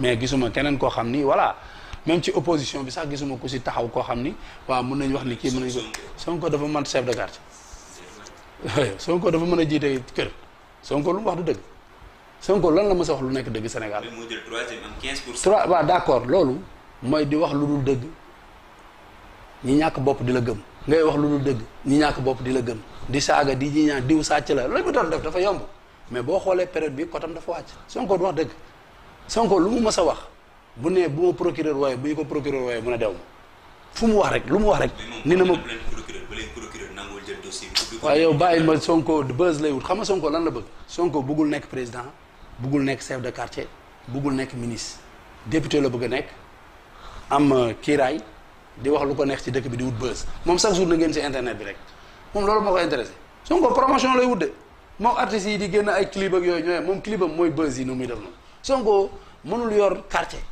mais gisuma kenen ko xamni ni voilà même ci opposition bi sax gisuma ko ci taxaw ko xamni wa waaw mën nañu wax ni ki mën nañ Sonko dafa man chef de quartier Sonko dafa mën jité kër Sonko lu wax du deug Sonko lan la mës wax lu nek deug Sénégal. mais moo jël 3e am 15 pour cent. waaw d' accord di wax lu dul deug ñi ñak bop di la gëm ngay wax lu dul deug ñi ñak bop di la gëm di saga di ñi ñaan diw sacc la lañ ko doon def dafa yomb mais bo xolé période bi kotam dafa wacc Sonko du wax deug Sonko lu mu mës a wax bu ne bu ma procureur waaye bu ñu ko procureur waaye mu ne dew ma fu mu wax rek lu mu wax rek. ni na ma waaye yow bàyyi ma Sonko buzz lay wut xam na Sonko lan la bëgg. Sonko bëggul nekk président bëggul nekk chef de quartier bëggul nekk ministre député la bëgg nekk am euh, kiiraay di wax lu ko neex ci bi di wut buzz moom chaque jour na ngeen ci internet bi rek moom loolu moo ko intéressé Sonko promotion lay wut de moom artistes yi di génn ay clip ak yooyu ñooy moom clipam mooy buzz yi nu muy def noonu. Sonko mënul yor karce